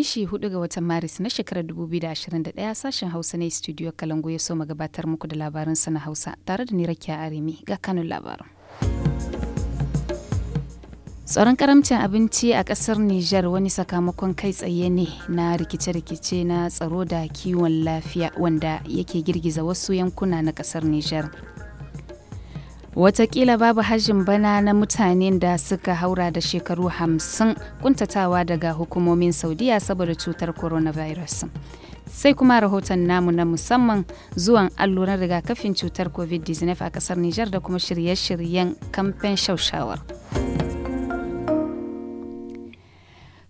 Alhamishi 4 ga watan Maris na shekarar 2021 sashen Hausa ne studio kalangu ya so gabatar muku da labarin sana Hausa tare da Nirakiya Arimi ga kanun labarin. Tsaron karamcin abinci a ƙasar Nijar wani sakamakon kai tsaye ne na rikice-rikice na tsaro da kiwon lafiya wanda yake girgiza wasu yankuna na ƙasar Nijar. Wataƙila babu hajjin bana na mutanen da suka haura da shekaru hamsin kuntatawa daga hukumomin saudiya saboda cutar coronavirus sai kuma rahoton namu na musamman zuwan alluran rigakafin cutar covid-19 a kasar nijar da kuma shirye-shiryen kamfen shaushawar.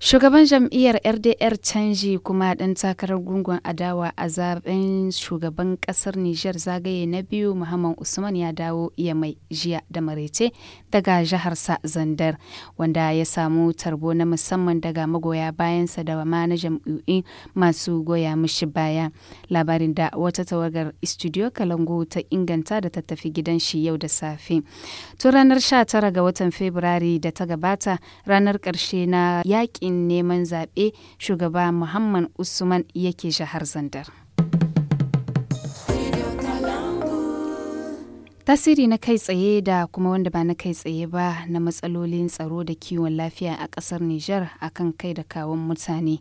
Shugaban jam'iyyar RDR canji kuma ɗan takarar gungun adawa a zaben shugaban ƙasar Nijar zagaye na biyu Muhammad Usman ya dawo iya mai jiya da marece daga jiharsa Zandar wanda ya samu tarbo na musamman daga magoya bayansa da ma na jam'iyyun masu goya mishi baya. Labarin da wata tawagar Studio Kalango ta inganta da ta tafi gidan shi yau da safe. Tun ranar 19 ga watan Fabrairu da ta gabata ranar ƙarshe na yaƙi yakin neman zaɓe shugaba Muhammad Usman yake shahar zandar. tasiri na kai tsaye da kuma wanda ba na kai tsaye ba na matsalolin tsaro da kiwon lafiya a ƙasar Nijar akan kai da kawon mutane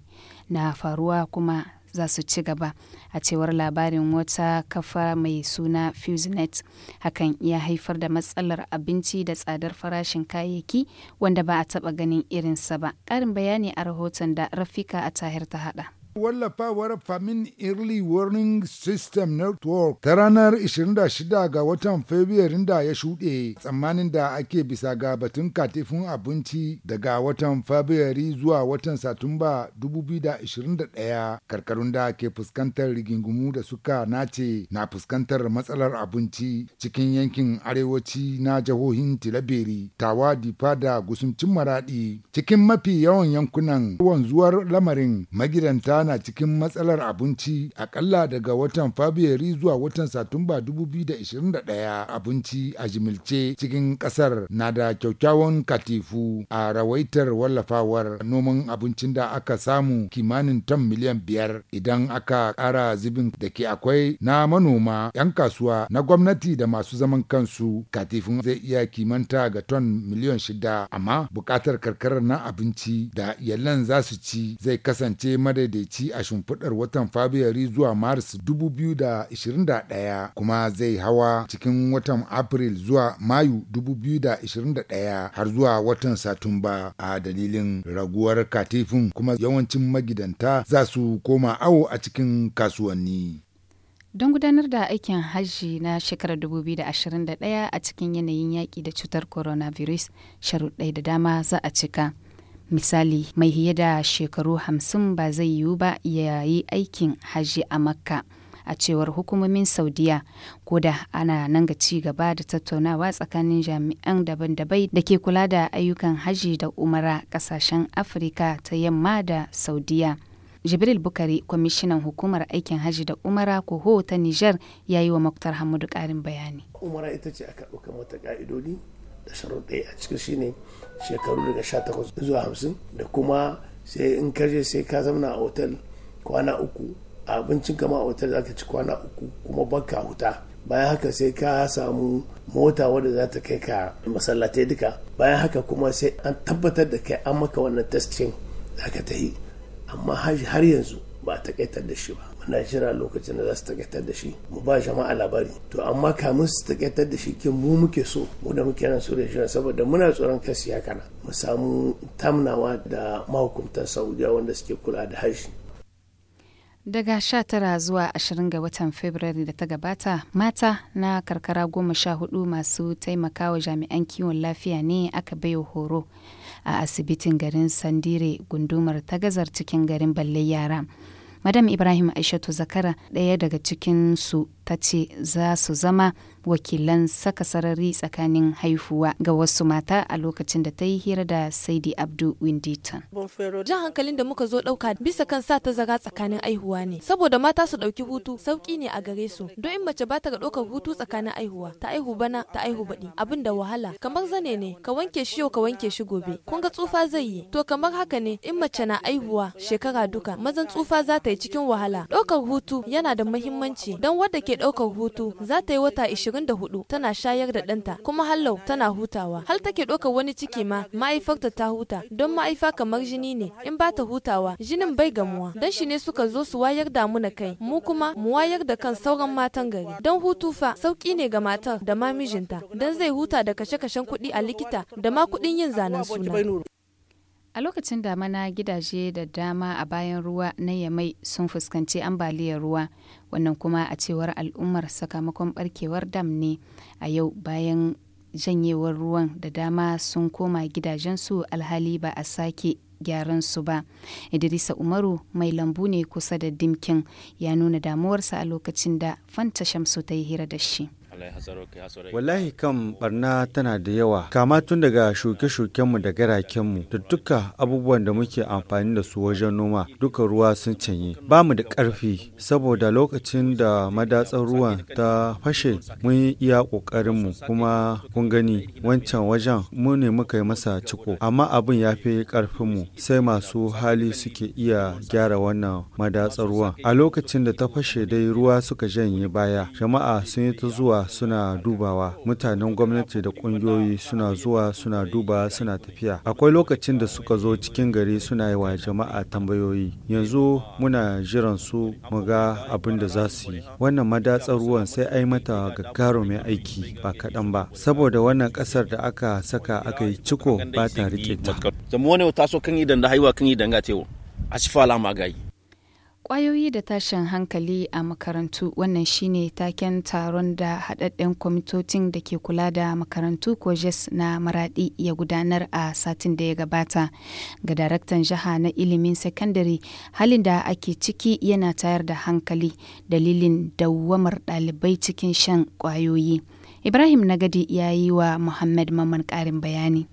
na faruwa kuma za su ci gaba a cewar labarin wata kafa mai suna fusenet hakan ya haifar da matsalar abinci da tsadar farashin kayayyaki wanda ba a taɓa ganin irinsa ba ƙarin bayani a rahoton da rafika a tahir ta haɗa Wallafawar Famin Early Warning System Network ta ranar 26 ga watan Fabrairun da ya shuɗe tsammanin da ake bisa ga batun katifin abinci daga watan Fabrairu zuwa watan Satumba 2021 karkarun da ke fuskantar rigingimu da suka nace na fuskantar matsalar abinci cikin yankin arewaci na jihohin Tilaberi, Tawa, Difa da gusuncin Maraɗi cikin mafi yawan yankunan wanzuwar lamarin magidanta na cikin matsalar abinci akalla daga watan Fabiyari zuwa watan Satumba 2021 abinci a jimilce cikin ƙasar na da kyakkyawan katifu a rawaitar wallafawar noman abincin da aka samu kimanin tan miliyan biyar idan aka ƙara zibin da ke akwai na manoma 'yan kasuwa na gwamnati da masu zaman kansu katifin zai iya kimanta ga ton miliyan shida amma bukatar karkarar na abinci da yallan za su ci zai kasance madaidaici ci a shimfiɗar watan Fabrairu zuwa Maris 2021 kuma zai hawa cikin watan April zuwa Mayu 2021 har zuwa watan Satumba a dalilin raguwar katifin kuma yawancin magidanta za su koma awo a cikin kasuwanni. don gudanar da aikin hajji na shekarar 2021 a cikin yanayin yaƙi da cutar coronavirus sharuɗai da dama za a cika. misali mai hiye da shekaru hamsin ba zai yiwu ba ya yi aikin hajji a makka a cewar hukumomin saudiya ko da ana nan ga ci gaba da tattaunawa tsakanin jami'an daban-dabai da ke kula da ayyukan hajji da umara kasashen afirka ta yamma da saudiya jibril bukari kwamishinan hukumar aikin hajji da umara koho ta niger ya yi wa muktar hamadu karin bayani umara ita ce aka ɗauka mata ƙa'idodi da ɗaya a cikin shine shekaru daga sha takwas zuwa hamsin da kuma sai in kaje sai ka zamana a otal kwana uku abincin kama a otal za ka ci kwana uku kuma baka huta bayan haka sai ka samu mota wadda za ta kai ka masallatai duka bayan haka kuma sai an tabbatar da kai an maka wannan testing za ka ta yi amma har yanzu ba a takaitar da shi ba na jira lokacin da za su takaitar da shi mu ba jama'a labari to amma kamun su takaitar da shi kin mu muke so mu da muke nan suriya shi saboda muna tsoron kasi ya kana mu samu tamnawa da mahukuntan saudiya wanda suke kula da harshe Daga sha tara zuwa 20 ga watan Fabrairu da ta gabata, mata na karkara goma sha hudu masu taimakawa jami'an kiwon lafiya ne aka baiwa horo a asibitin garin Sandire gundumar ta gazar cikin garin balle yara. madam ibrahim aishatu zakara ɗaya daga cikin su ta ce za su zama wakilan saka sarari tsakanin haihuwa ga wasu mata a lokacin da ta yi hira da saidi abdu winditon jan hankalin da muka zo ɗauka bisa kan sa ta zaga tsakanin aihuwa ne saboda mata su ɗauki hutu sauki ne a gare su don in mace ba ta ga ɗaukar hutu tsakanin aihuwa ta aihu bana ta aihu baɗi abin da wahala kamar zane ne ka wanke shi yau ka wanke shi gobe kun ga tsufa zai yi to kamar haka ne in mace na aihuwa shekara duka mazan tsufa za ta yi cikin wahala ɗaukar hutu yana da muhimmanci don wadda ke ɗaukar hutu za ta yi wata 24 tana shayar da ɗanta kuma hallau tana hutawa. Hal take ɗaukar wani ciki ma ma'aifarta ta huta don ma'aifa kamar jini ne in ba ta hutawa jinin bai gamuwa. Don shi ne suka zo su wayar da mu na kai mu kuma mu wayar da kan sauran matan gari. Don hutu fa sauki ne ga matar da ma mijinta don zai huta da kashe-kashen kuɗi a likita da ma kuɗin yin zanen suna. A lokacin damana gidaje da dama a bayan ruwa na Yamai sun fuskanci ambaliyar ruwa, wannan kuma a cewar al'ummar sakamakon barkewar dam ne a yau bayan janyewar ruwan da dama sun koma gidajensu alhali ba a sake gyaran su ba. Idrisa Umaru mai lambu ne kusa da dimkin ya nuna damuwarsa a lokacin da Fanta Shamsu ta yi hira da shi. Wallahi kan barna tana da yawa, kama tun daga shuke-shukenmu da garakenmu da duka abubuwan da muke amfani da su wajen noma duka ruwa sun canye. Ba mu da ƙarfi saboda lokacin da madatsar ruwan ta fashe mun yi iya ƙoƙarinmu kuma kun gani wancan wajen mu ne muka yi masa ciko. Amma abin ya fi ƙarfinmu sai masu hali suke iya gyara wannan madatsar ruwan. A lokacin da ta fashe dai ruwa suka janye baya, jama'a sun yi ta zuwa suna dubawa mutanen gwamnati da kungiyoyi suna zuwa suna duba suna tafiya akwai lokacin da suka zo cikin gari suna yi wa jama'a tambayoyi yanzu muna jiran su mu ga abin da za su yi wannan madatsar ruwan sai ai mata mai aiki ba kaɗan ba saboda wannan ƙasar da aka saka aka yi ciko ba ta riƙe ta. Zamu wani ta so kan yi danda haiwa kan yi danga tewo. Ashifa alama gayi. kwayoyi da tashin hankali a makarantu wannan shine taken taron da haɗaɗɗen kwamitocin da ke kula da makarantu ko jes na maraɗi ya gudanar a satin da ya gabata. Ga daraktan jiha na ilimin sakandare halin da ake ciki yana tayar da hankali dalilin dawwamar ɗalibai cikin shan ƙwayoyi. Ibrahim Nagadi ya yi wa Muhammad Maman ƙarin bayani.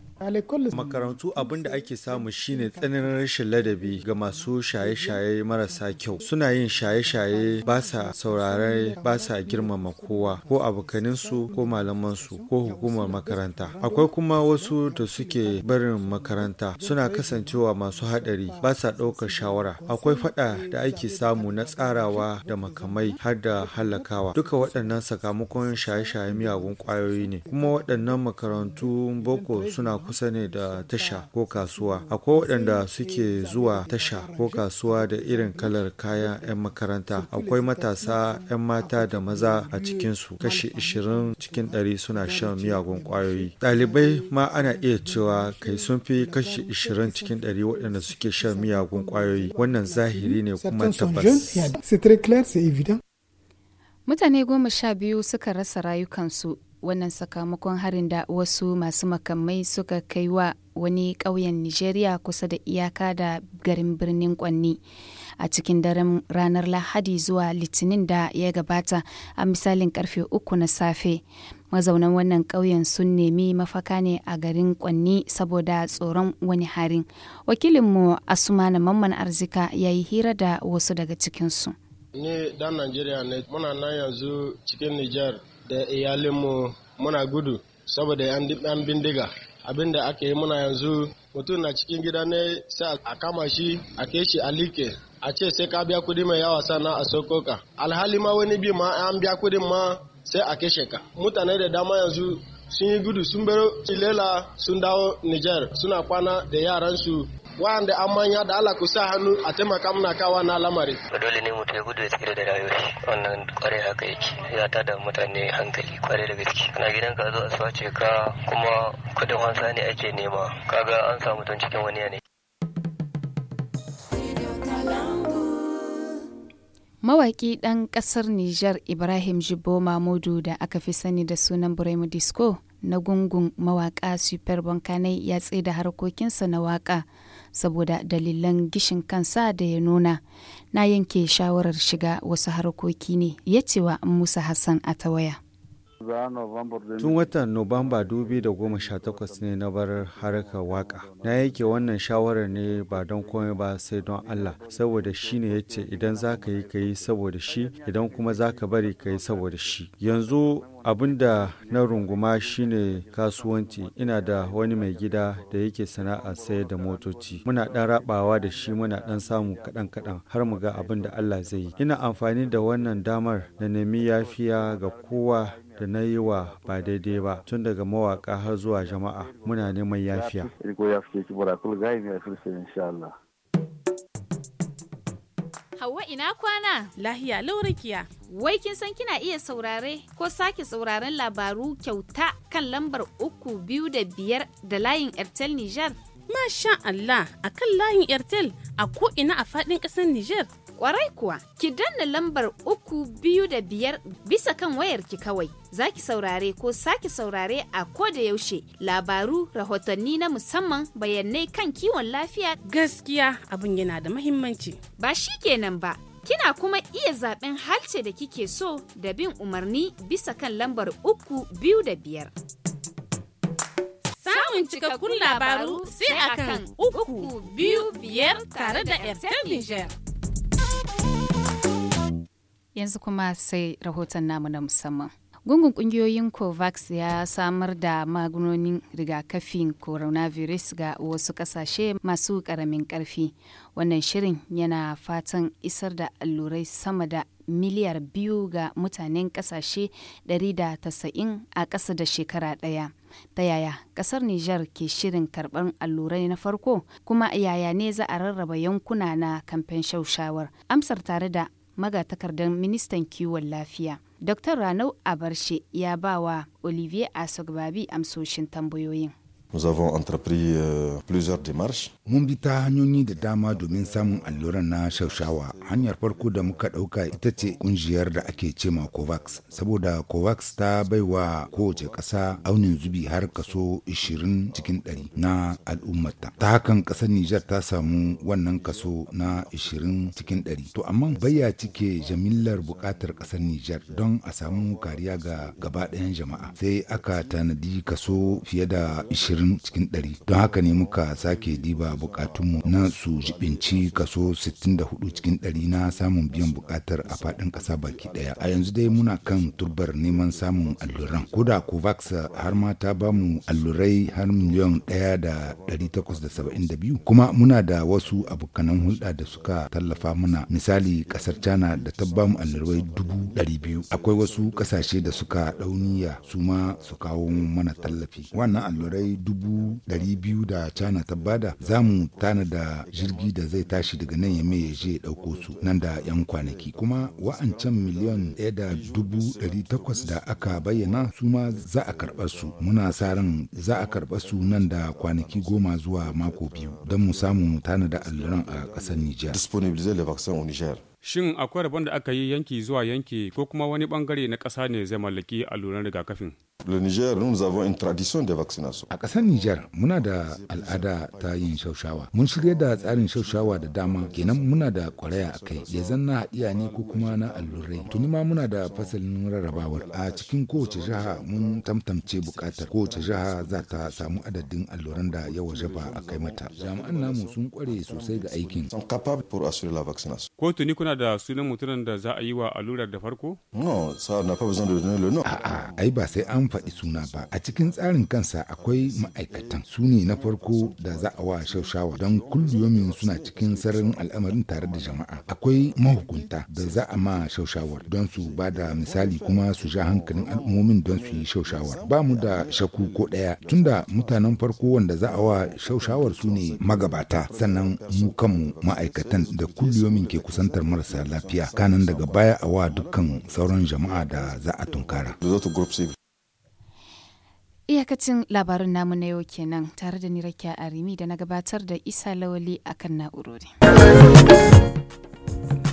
Makarantu abin da ake samu shine tsananin rashin ladabi ga masu shaye-shaye marasa kyau. Suna yin shaye-shaye ba sa saurare ba sa girmama kowa ko abokaninsu ko malamansu ko hukumar makaranta. Akwai kuma wasu da suke barin makaranta suna kasancewa masu haɗari ba sa ɗaukar shawara. Akwai faɗa da ake samu na tsarawa da makamai har da halakawa. Duka waɗannan sakamakon shaye-shaye miyagun ƙwayoyi ne. Kuma waɗannan makarantu boko suna kusa ne da tasha ko kasuwa akwai waɗanda suke zuwa tasha ko kasuwa da irin kalar kayan 'yan makaranta akwai matasa 'yan mata da maza a cikinsu kashi 20 cikin 100 suna shan miyagun kwayoyi ɗalibai ma ana iya cewa kai sun fi kashi 20 cikin 100 waɗanda suke shan miyagun kwayoyi wannan zahiri ne kuma tabbas mutane goma sha biyu suka rasa rayukansu wannan sakamakon harin da wasu masu makamai suka kai wa wani ƙauyen nigeria kusa da iyaka da garin birnin kwanni a cikin daren ranar lahadi zuwa litinin da ya gabata a misalin karfe uku na safe mazaunan wannan ƙauyen sun nemi mafaka ne a garin kwanni saboda tsoron wani harin wakilinmu asumana mamman arzika ya yi hira da wasu daga cikinsu ni dan nigeria ne muna nan yanzu cikin niger da iyalinmu muna gudu saboda yan bindiga abin da aka yi muna yanzu mutum na cikin gida ne sai a kama shi a keshi a like a ce sai ka biya kudi mai yawa sana a sokoka alhali ma wani bi ma an biya kudin ma sai a kashe ka mutane da dama yanzu sun yi gudu sun bero lela sun dawo niger suna kwana da yaransu wanda an manya da Allah ku sa hannu a taimaka muna kawa na lamari. Dole ne mutum ya gudu ya tsira da rayuwar wannan kwarai haka yake ya tada mutane hankali kwarai da gaske. Kana gidan ka zo a sace ka kuma kudin wansa ne ake nema kaga an samu tun cikin wani yanayi. Mawaƙi ɗan ƙasar Nijar Ibrahim Jibo Mamudu da aka fi sani da sunan Buremu Disco na gungun mawaka super bankanai ya tsaida harkokinsa na waka saboda dalilan gishin kansa da ya nuna na yanke shawarar shiga wasu harkoki ne ya cewa musa hassan a tawaya Tun watan Nuwamba 2018 ne na bar harkar waka. Na yake wannan shawarar ne ba don komai ba sai don Allah, saboda shi ne ya ce idan za ka yi ka yi saboda shi, idan kuma za ka bari ka yi saboda shi. Yanzu abin da na runguma shine kasuwanci ina da wani mai gida da yake sana'a sayar da motoci muna ɗan rabawa da shi muna ɗan samu kaɗan kaɗan har mu ga abin da Allah zai yi ina amfani da wannan damar na nemi yafiya ga kowa da na yi wa ba daidai ba tun daga mawaƙa har zuwa jama'a muna neman yafiya. Hauwa ina kwana? Lahiya laurakiya. Wai kin san kina iya saurare ko sake sauraren labaru kyauta kan lambar uku biyu da biyar da layin Airtel Niger? Masha Allah a kan layin Airtel a ko ina a faɗin ƙasar Niger. Kwarai kuwa, ki danna lambar uku biyu da biyar bisa kan wayarki kawai. zaki saurare ko sake saurare a ko da yaushe labaru, rahotanni na musamman bayanai kan kiwon lafiya. Gaskiya abin yana da mahimmanci. Ba shi kenan ba. Kina kuma iya zaben halce da kike so da bin umarni bisa kan lambar uku biyu da biyar. samun cikakkun labaru sai akan uku biyu biyar tare da Airtel Niger. Yanzu kuma sai rahoton namu na musamman. Gungun kungiyoyin COVAX ya samar da magunonin rigakafin coronavirus ga wasu kasashe masu karamin karfi. Wannan shirin yana fatan isar da allurai sama da miliyar biyu ga mutanen kasashe 190 a ƙasa da shekara ɗaya. Ta yaya ƙasar Nijar ke shirin karɓar allurai na farko kuma yaya ne za a rarraba yankuna na kamfen shawar? Amsar tare da magatakardar ministan kiwon lafiya. Dr. Ranau Abarshe ya ba wa Olivier Asogbabi amsoshin tambayoyin. Nous avons entrepris euh, plusieurs démarches. Mun bi ta hanyoyi da dama domin samun alluran na shaushawa. Hanyar farko da muka ɗauka ita ce ƙungiyar da ake cema COVAX. Saboda COVAX ta bai wa kowace ƙasa aunin zubi har kaso 20 cikin 100 na al'ummata. Ta hakan ƙasar Nijar ta samu wannan kaso na 20 cikin 100. To amma bayya cike jamillar buƙatar ƙasar Nijar don a samu kariya ga gaba ɗayan jama'a. Sai aka tanadi kaso fiye da 20 60 cikin 100 don haka ne muka sake diba bukatunmu na su jibinci kaso 64 cikin ɗari na samun biyan bukatar a faɗin ƙasa baki ɗaya a yanzu dai muna kan turbar neman samun alluran koda covax har ma ta bamu allurai har miliyan biyu? kuma muna da wasu abokanan hulɗa da suka tallafa mana, misali ƙasar china da ta bamu allurai dubu 200 akwai wasu ƙasashe da suka ɗauniya su ma su kawo mana tallafi wannan allurai dubu ɗari biyu da cana ta bada za mu tana da jirgi da zai tashi daga nan ya mai ya je ɗauko su nan da 'yan kwanaki kuma wa'ancan miliyan ɗaya da dubu ɗari takwas da aka bayyana su ma za a karɓar su muna sa ran za a karɓar su nan da kwanaki goma zuwa mako biyu don mu samu tanada tana da alluran a ƙasar Nijar. Shin akwai rabon da aka yi yanki zuwa yanki ko kuma wani bangare na ƙasa ne zai mallaki alluran rigakafin? Le Niger, nous avons une tradition de vaccination. A ƙasar nijar muna da al'ada ta yin shaushawa. Mun shirya da tsarin shaushawa da dama, kenan muna da kwaraya a kai, ya zanna haɗiya ne ko kuma na allurai. Tuni ma muna da fasalin rarrabawar. A cikin kowace jiha mun tamtamce buƙatar kowace jiha za ta samu adadin alluran da ya wajaba a kai mata. Jami'an namu sun kware sosai ga aikin. Ko tuni kuna da sunan mutumin da za a yi wa allurar da farko? No, ça n'a pas besoin de donner le nom. A'a, ai ba sai an zan faɗi suna ba a cikin tsarin kansa akwai ma'aikatan su ne na farko da za a wa shaushawa don kulliyomin suna cikin sararin al'amarin tare da jama'a akwai mahukunta da za a ma shaushawar don su ba da misali kuma su ja hankalin al'ummomin don su yi shaushawar ba mu da shaku ko ɗaya tunda mutanen farko wanda za a wa shaushawar su ne magabata sannan mu kanmu ma'aikatan da kulliyomin ke kusantar marasa lafiya kanan daga baya a wa dukkan sauran jama'a da za a tunkara. Iyakacin labarin namu na yau kenan tare da Nirakiya Arimi da na gabatar da Isa Lawali akan na'urori.